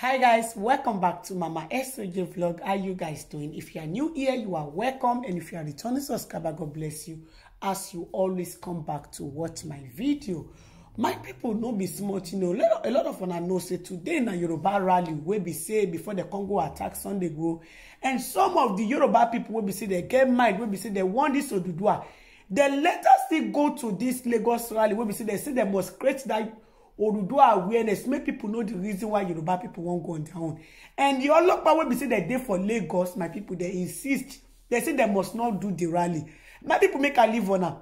hi guys welcome back to mama soj vlog how you guys doing if you are new here you are welcome and if you are returning subscriber god bless you as you always come back to watch my video my people no be smart, you know a lot of una know say today na yoruba rally wey be say before the congo attack sunday go and some of the yoruba people will be say they get mind Will be say they want dis oduduwa dem later still go to this lagos rally wey be say they say dem must create dat oduduwa awareness make people know the reason why yoruba people wan go on their own and the olopa wey be say dem dey for lagos my people. dem insist dem say dem must not do the rally my people make i leave on am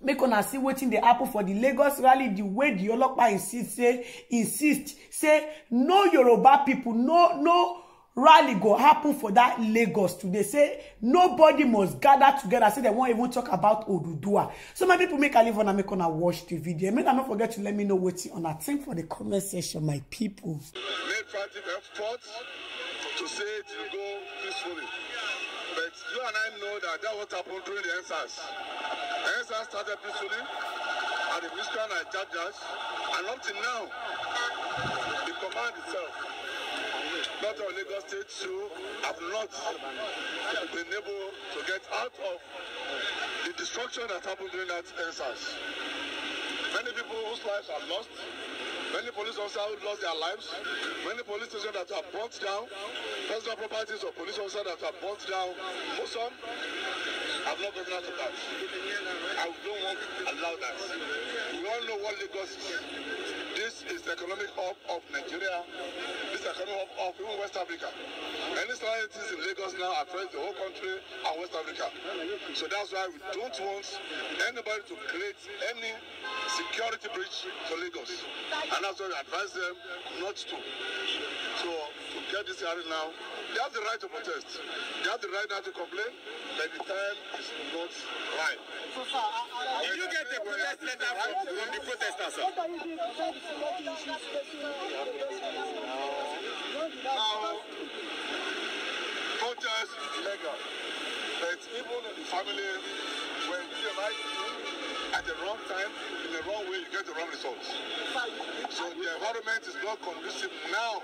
make una see wetin dey happen for the lagos rally The way the olopa insist say insist say no yoruba people no no rally go happen for that lagos today say nobody must gather together say they won't even talk about oduduwa so my people make a live on make una watch the video make una no forget to let me know what you on that. think for di comment section my efforts to say it will go peacefully. But you and I know that that what happened during the NSAS. The NSAS started peacefully, and the Christian and Judges, and up to now, the command itself governor of Lagos State too have not been able to get out of the destruction that happened during that instance. Many people whose lives are lost, many police officers who lost their lives, many police stations that are burnt down, personal properties of police officers that are burnt down, most have not gotten out of that. I don't want to allow that. We all know what Lagos is is the economic hub of Nigeria, this the economic hub of even West Africa. Any societies in Lagos now affect the whole country and West Africa. So that's why we don't want anybody to create any security breach to Lagos. And that's why we advise them not to. So get this carried now. They have the right to protest. They have the right now to complain, but the time is not right. So, sir, Did you get the protest letter from, from the protesters, sir? Now, protest is legal, but even the family, when you right at the wrong time, in the wrong way, you get the wrong results. So the environment is not conducive now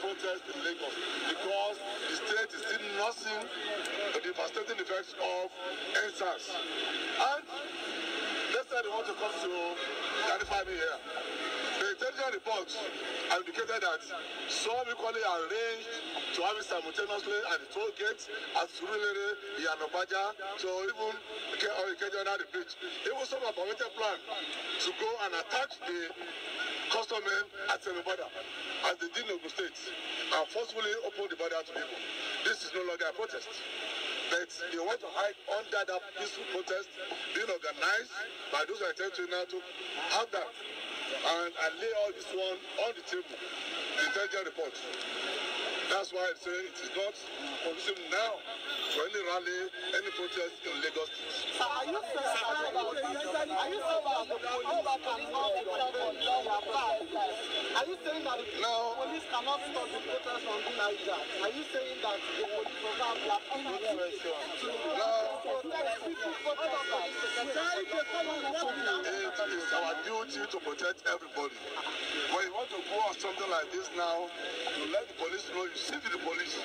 protest in Lagos because the state is still nursing the devastating effects of NSAS. And they said they want to come to clarify me here. The intelligence reports have indicated that some equally arranged to have it simultaneously at the toll gate at Surulere, Yanobaja, to even on the bridge. Even some have permitted plan to go and attack the custom men at the border as the dean of the state and forcefully opened the border to people. This is no longer a protest. But they want to hide under that peaceful protest being organized by those who attempt to now to have that. And I lay all this one on the table, the intelligence report. That's why I say it is not policing now for any rally, any protest in Lagos. Sir, are you Are you sure about the police cannot protest Are you saying that the police cannot stop the protest from being Are you saying that the police will not black people It is our duty to protect everybody. When you want to go on something like this now, you let the police know you see to the police.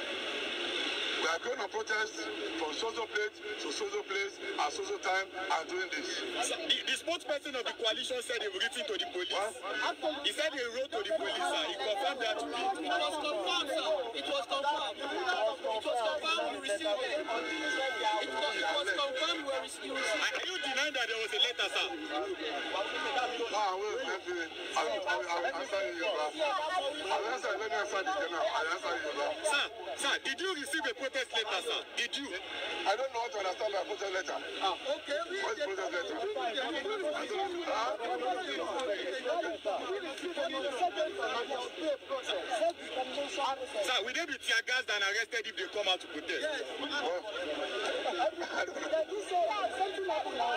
We are going to protest from social place to social place at social time and doing this. the, the spokesperson of the coalition said they were written to the police. Huh? He said he wrote to the police and he confirmed that It was confirmed, sir. It was confirmed. It was confirmed we received it. It was confirmed we received it. Are you denying that there was a letter, sir? No, ah, I will. I will. I will. I will answer you. I will answer. Let me answer this. I will answer you. Sir, sir, did you receive a protest? protest letter, sir? Did you? I don't know how to understand my protest letter. Ah, okay. What is protest letter? Sir, will they be tear gassed and arrested if they come out to protest? Yes. Well, I don't know. Something happened now.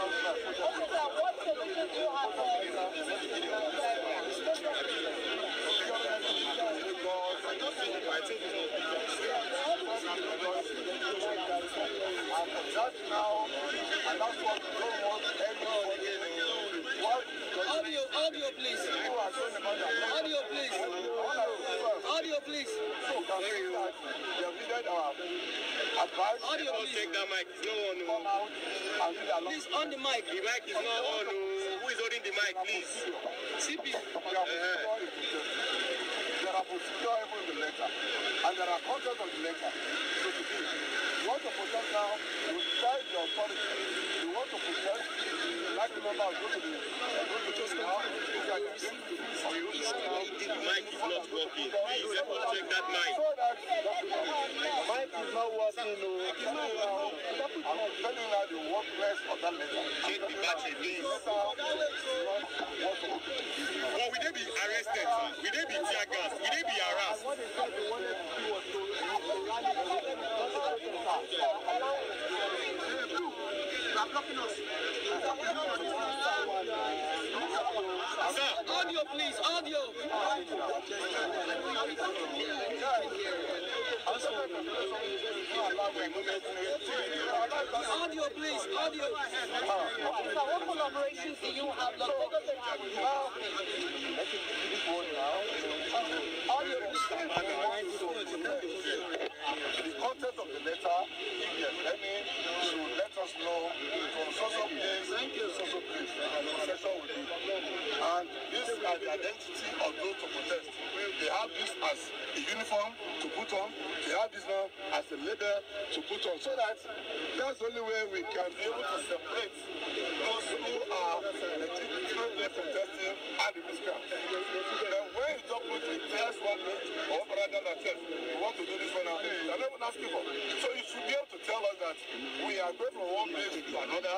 Audio, audio, please. please. Audio, please advice. Audio, please. Take that mic. It's not on. Oh. Come out and read along. Please, on the mic. The mic is not on. Oh. Who is holding the mic, please? CP. Uh-huh. There are procedurable in the letter, and there are content of the letter. So today, you want to protect now, you try the authority, you want to protect It's mic is not working. Please help check that mic. Mic is not working. No. I'm telling you now the workers of that letter. the batch again. But will they be arrested? Will they be tear Will they be harassed? Audio, please, audio. Audio, please, audio. what collaborations do you have? The Audio, The content of the letter, yes, I let us know from source of place, source of place, and our session will be and use it the identity of those to protest. They have this as a uniform to put on. They have this now as a label to put on. So that that's the only way we can be able to separate those who are legitimately protesting and the miscreants. Then when you talk with the players one way or rather than that, we want to do this one now. They're not even asking for. So you should be able to tell us that we are going from one place to another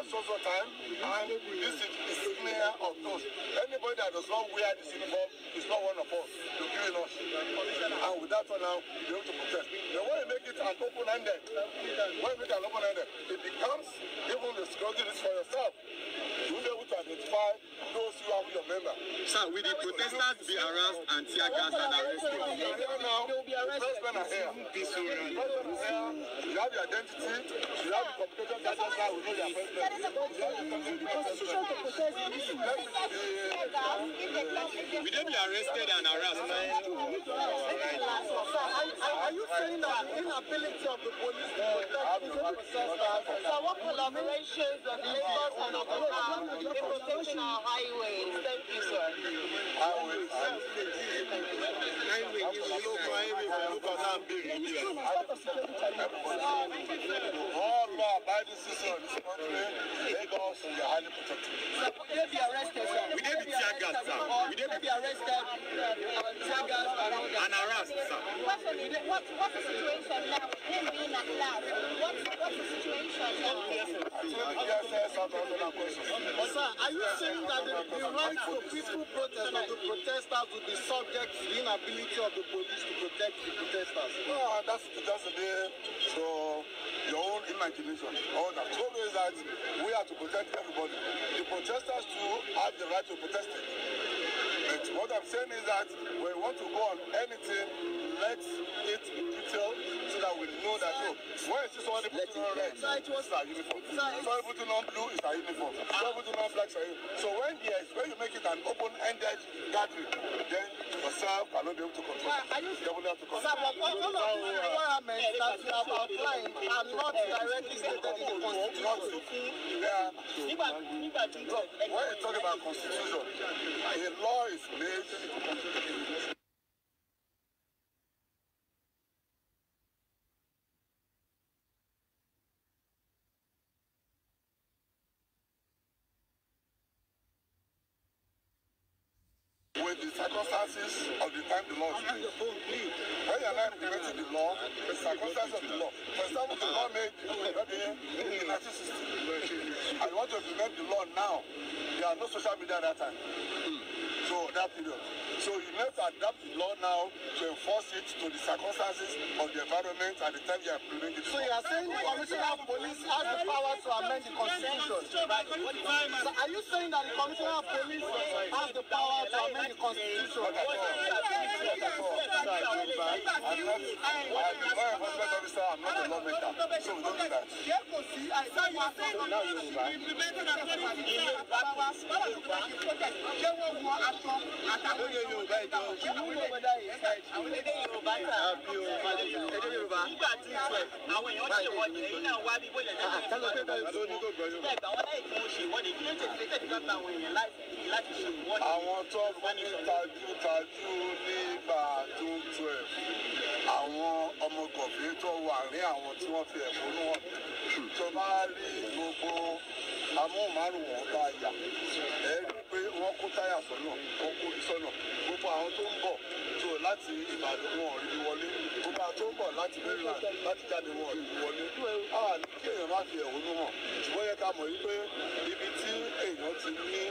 at so so time and this is the smear of those Anybody that does not wear this uniform is not one of us. You're giving us. And with that one now, you able to protest. Then when you make it an open-ended, when you make it an open-ended, it becomes even the security risk for yourself identify those who are your member. Sir, will the protesters be harassed and tear gas and arrested? Right now, the pressmen are here. Peaceful. The are here. You have your identity. You have the computer. That's just we know your pressmen. There is a constitution to Will they be arrested and harassed? Are you saying that the inability of the police to protect the protesters Sir, what collaborations and neighbors and other protection our highways. Thank you, sir. Highways. Highway is low for highway. Look at that big here. All law abiding citizens in this country, Lagos, we are the protected. Sir, we dey be arrested, sir. We dey be tear gas, sir. We dey be arrested. Tear gas around us. And arrest, sir. What's the situation now? Him being at last. What's the situation now? Yes, Sir, are you saying that the, the right to peaceful protest and the protesters will be subject to the inability of the police to protect the protesters? No, uh, that's just there for your own imagination. All that told is that we are to protect everybody. The protesters too have the right to protest. It it. What I'm saying is that when we want to go on anything, let it be detailed so that we know that, oh, when is this already putting on red? Sir, it was our uniform. Sir, it's already putting on blue, is our uniform. It's already putting on black, it's our uniform. So when, yes, when you make it an open-ended gathering, then yourself cannot be able to control. Sir, ah, are you sure? Sir, but all of the requirements that you have outlined are not directly stated in the Constitution nígbà nígbà tí. when we talk about constitution a law is made. with the circumstances of the time the law is made. When you are not implementing the law, the circumstances of the law. want to implement the law now. There are no social media at that time that period. So you to adapt the law now to enforce it to the circumstances of the environment at the time you are implementing it. So you are saying the commissioner of police has the power to amend the constitution. So are you saying that the commissioner of police has the power to amend the constitution? Not at Not the law So don't do you that àtàwọn èdè yorùbá ìjọ àwọn èdè yorùbá ta èdè yorùbá nígbà tí ń sọ àwọn èèyàn ṣe ìwọ́de èyí náà wá bí bóyá ẹ̀dá ẹ̀dá ẹ̀dá ẹ̀dá ẹ̀dá ẹ̀dá ẹ̀dá wọn láì tí ṣe ìwọ́de kí ló ń tètè tètè bá àwọn èèyàn láti ṣe ìwọ́de. àwọn tó fún tajú tajú nígbà tó ń tu ẹ̀ àwọn ọmọ tó wà ní àwọn tí wọ́n fi ẹ̀fọ́ náà tó bá rí gbogbo amóhùnmáwòrán bá yà ẹ rí i pé wọ́n kó táyà sọ́nà wọ́n kó orí sọ́nà gbogbo àwọn tó ń bọ̀ tó láti Ìbàdàn wọn rí wọlé gbogbo àwọn tó ń bọ̀ láti Maryland láti jáde wọn rí wọlé a ní kí èèyàn má fi ẹ̀hónú hàn ṣùgbọ́n yẹ ká mọ̀ wípé ibi tí èèyàn ti ní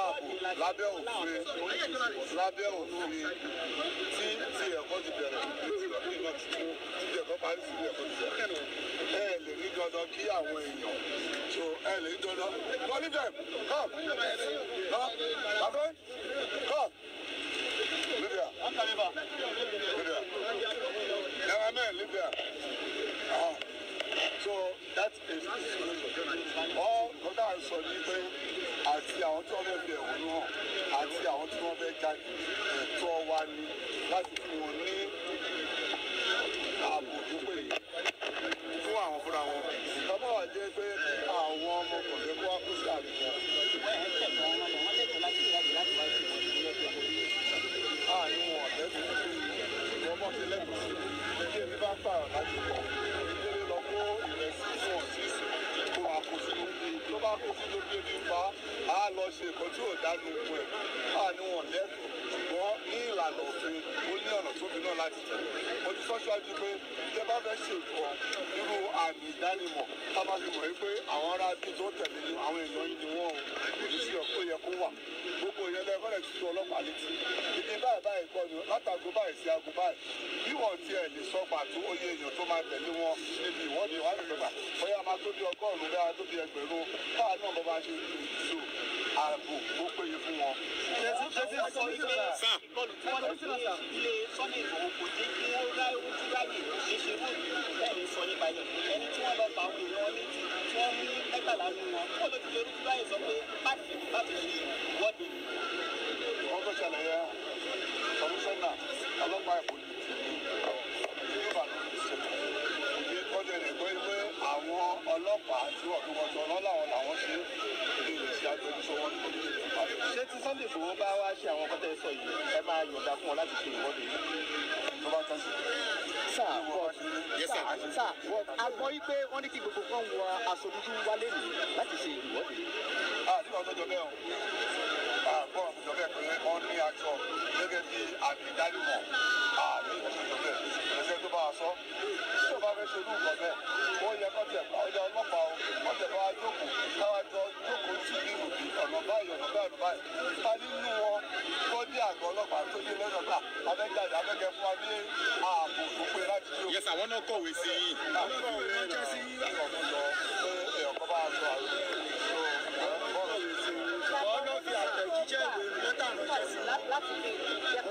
ààbò lábẹ́ òfin lábẹ́ òfin tí ẹ̀kọ́ ti bẹ̀rẹ̀ lóṣù tó nínú tuntun títí ẹ̀kọ́ parí sí ilé ẹ̀kọ́ ti bẹ̀rẹ̀ ẹ lè ní dandan kí àwọn èèyàn so ẹ lè ní dandan lọ níbẹ̀ kọ́ lọ abẹ́ kọ́ libya libya yàrá mẹ́ libya so that is all kọ́tà sọ ní pé àti àwọn tí wọ́n fẹ́ fi ẹ̀hónú hàn àti àwọn tí wọ́n fẹ́ jáde ẹ̀tọ́ wa ni láti fún wọn ní ààbò tó péye fún àwọn fúnra wọn. ìjọba wà jẹ́ pé àwọn ọmọ kọ̀ọ̀dé kó wá kó sí àdúgbò. ààyè wọn ọ̀dẹ́ tó ń kí èmi bá pààrọ̀ láti. nǹkan tí ò dánu ogun ẹ̀ á ní wọn lẹ́tọ̀ọ́ ṣùgbọ́n ní ìlànà òfin ó ní ọ̀nà tóbi náà láti tẹ̀lé mo ti sọ síwájú pé tí bá fẹ́ ṣe irú àmì ìdánimọ̀ tá a bá fi mọ̀ wípé àwọn ará bí tó tẹ̀lé ni àwọn èèyàn yìí ni wọ́n ò ní sí ọ̀pọ̀ yẹ kó wà gbogbo ìyẹn lẹ́kọ́ rẹ̀ tuntun ọlọ́pàá létí ibi báyìí báyìí kọ́ ni látago báyìí sí ago báyìí bí wọ́n tiẹ̀ lè sọ pàtó oyè èèyàn tó máa tẹ̀lé wọn níbi ìwọ́de ìwádìí pẹ̀lú bóyá máa tó bí ọgọ́rùn-ún bóyá tó bí ẹgbẹ̀rún káà náà bọ́ máa ṣe ìṣòro ààbò ó péye fún wọn. ilé sunday ìfowó kò dé kí wọ́n rá ewu tí ráyè ṣe ṣe rú ẹ̀rí sọ nípa ẹ̀ ẹni tí wọ́n lọ bá àwọn èèyàn létí tí wọ́n mú mẹ́tàlá nínú wọn kó ló ti lè rú tí sọ pé pàtì láti ṣe ìwọ́de. ọkọ ṣẹlẹ̀ yẹ kọmíṣánná ọlọ́pàá èkó ní ìbàdàn ìṣẹ̀lẹ̀ ìgbẹ́kọ̀dẹ̀ ṣé tí Sunday Igboho bá wá ṣe àwọn kọ́tẹ́ sọ yìí ẹ máa yọ̀ǹda fún wọn láti ṣe ìwọ́de tó bá tán sí sáà wọ sáà wọ agbọ́n yìí pé wọ́n ní kí gbogbo kan wọ aṣọ dúdú wálé nìyí láti ṣe ìwọ́de. àdìgbà ah, tó jọ bẹ́ẹ̀ o àgbọ̀n ah, tó jọ bẹ́ẹ̀ pé wọ́n ní aṣọ gẹ́gẹ́ bí àmì ìdánimọ̀ àmì ìdánimọ̀ gẹ́gẹ́ tó bá a sọ. dànù báyìí ta nínú wọn tó dé àgọ́ ọlọ́pàá tó dé lọ́dọ̀ gbà abẹ́jáde abẹ́kẹ́ fún wa ní ààbò tó pé láti tó. yẹsà wọn náà kọ̀wé sí i. àwọn ọmọ ìwé náà sí i. ọkọ̀ tó lọ pé ẹ̀yọ̀kọ́ bá a sọ àwọn ìwé náà. wọ́n náà fi àtẹ̀jíṣẹ́ ìwé lẹ́tà rẹ̀ jẹ́ sí i.